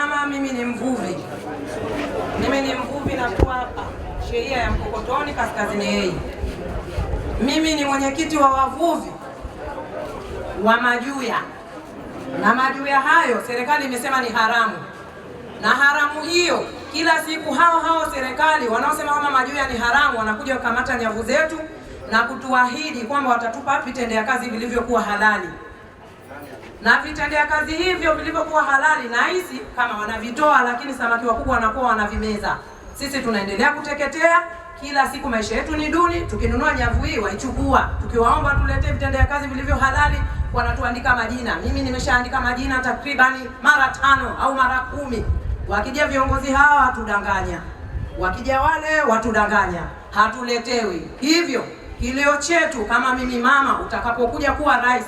Mama, mimi ni mvuvi, mimi ni mvuvi na kuwa hapa sheria ya Mkokotoni Kaskazini Yei. Mimi ni mwenyekiti wa wavuvi wa majuya, na majuya hayo serikali imesema ni haramu, na haramu hiyo kila siku hao hao serikali wanaosema kama majuya ni haramu wanakuja kukamata nyavu zetu na kutuahidi kwamba watatupa vitendea kazi vilivyokuwa halali na vitendea kazi hivyo vilivyokuwa halali na hisi kama wanavitoa, lakini samaki wakubwa wanakuwa wanavimeza. Sisi tunaendelea kuteketea kila siku, maisha yetu ni duni. Tukinunua nyavu hii waichukua, tukiwaomba tuletee vitendea kazi vilivyo halali wanatuandika majina. Mimi nimeshaandika majina takribani mara tano au mara kumi. Wakija viongozi hawa watudanganya, wakija wale watudanganya, hatuletewi hivyo. Kilio chetu kama mimi mama, utakapokuja kuwa rais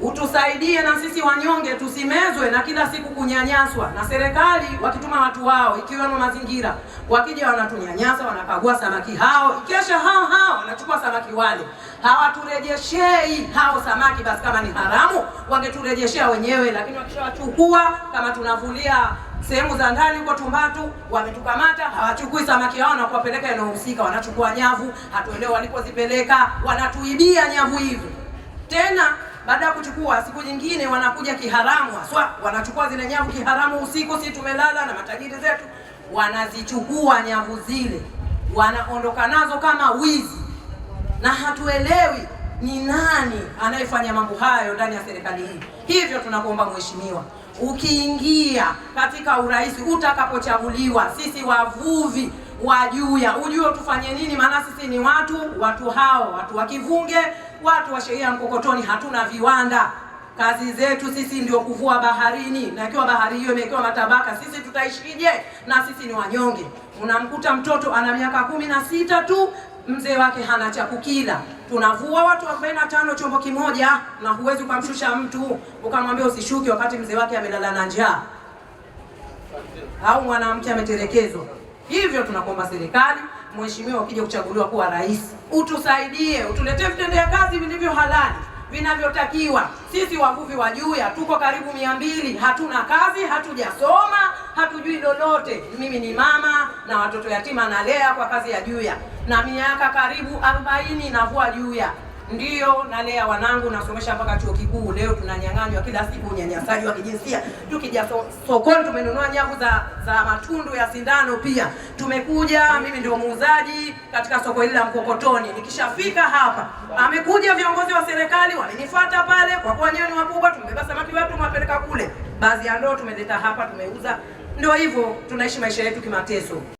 utusaidie na sisi wanyonge tusimezwe na kila siku kunyanyaswa na serikali. Wakituma watu wao ikiwemo mazingira, wakija wanatunyanyasa, wanakagua samaki hao, ikesha hao hao wanachukua samaki wale, hawaturejeshei hao samaki. Basi kama ni haramu wangeturejeshea wenyewe, lakini wakishawachukua kama tunavulia sehemu za ndani huko Tumbatu, wametukamata hawachukui samaki hao na kuwapeleka eneo husika, wanachukua nyavu, hatuelewe walipozipeleka, wanatuibia nyavu hizo tena kuwa siku nyingine wanakuja kiharamu haswa, wanachukua zile nyavu kiharamu usiku, si tumelala na matajiri zetu, wanazichukua nyavu zile, wanaondoka nazo kama wizi, na hatuelewi ni nani anayefanya mambo hayo ndani ya serikali hii. Hivyo tunakuomba mheshimiwa, ukiingia katika urais utakapochaguliwa, sisi wavuvi wa juya ujue tufanye nini, maana sisi ni watu watu hao watu wakivunge watu wa shehia Mkokotoni hatuna viwanda, kazi zetu sisi ndio kuvua baharini, na ikiwa bahari hiyo imewekewa matabaka, sisi tutaishije? Na sisi ni wanyonge. Unamkuta mtoto ana miaka kumi na sita tu mzee wake hana cha kukila. Tunavua watu arobaini na tano chombo kimoja, na huwezi ukamshusha mtu ukamwambia usishuke wakati mzee wake amelala na njaa au mwanamke ametelekezwa. Hivyo tunakuomba serikali, mheshimiwa, ukija kuchaguliwa kuwa rais, utusaidie, utuletee vitendea kazi vilivyo halali vinavyotakiwa. Sisi wavuvi wa Juya tuko karibu mia mbili, hatuna kazi, hatujasoma, hatujui lolote. Mimi ni mama na watoto yatima nalea kwa kazi ya Juya, na miaka karibu arobaini navua Juya ndio nalea wanangu, nasomesha mpaka chuo kikuu. Leo tunanyang'anywa kila siku, unyanyasaji wa kijinsia. Tukija sokoni, tumenunua nyavu za za matundu ya sindano pia. Tumekuja, mimi ndio muuzaji katika soko hili la Mkokotoni. Nikishafika hapa, amekuja viongozi wa serikali, walinifuata pale, kwa kuwa nyani wakubwa, tumebeba samaki wetu, tumewapeleka kule, baadhi ya ndoo tumeleta hapa, tumeuza. Ndio hivyo tunaishi maisha yetu kimateso.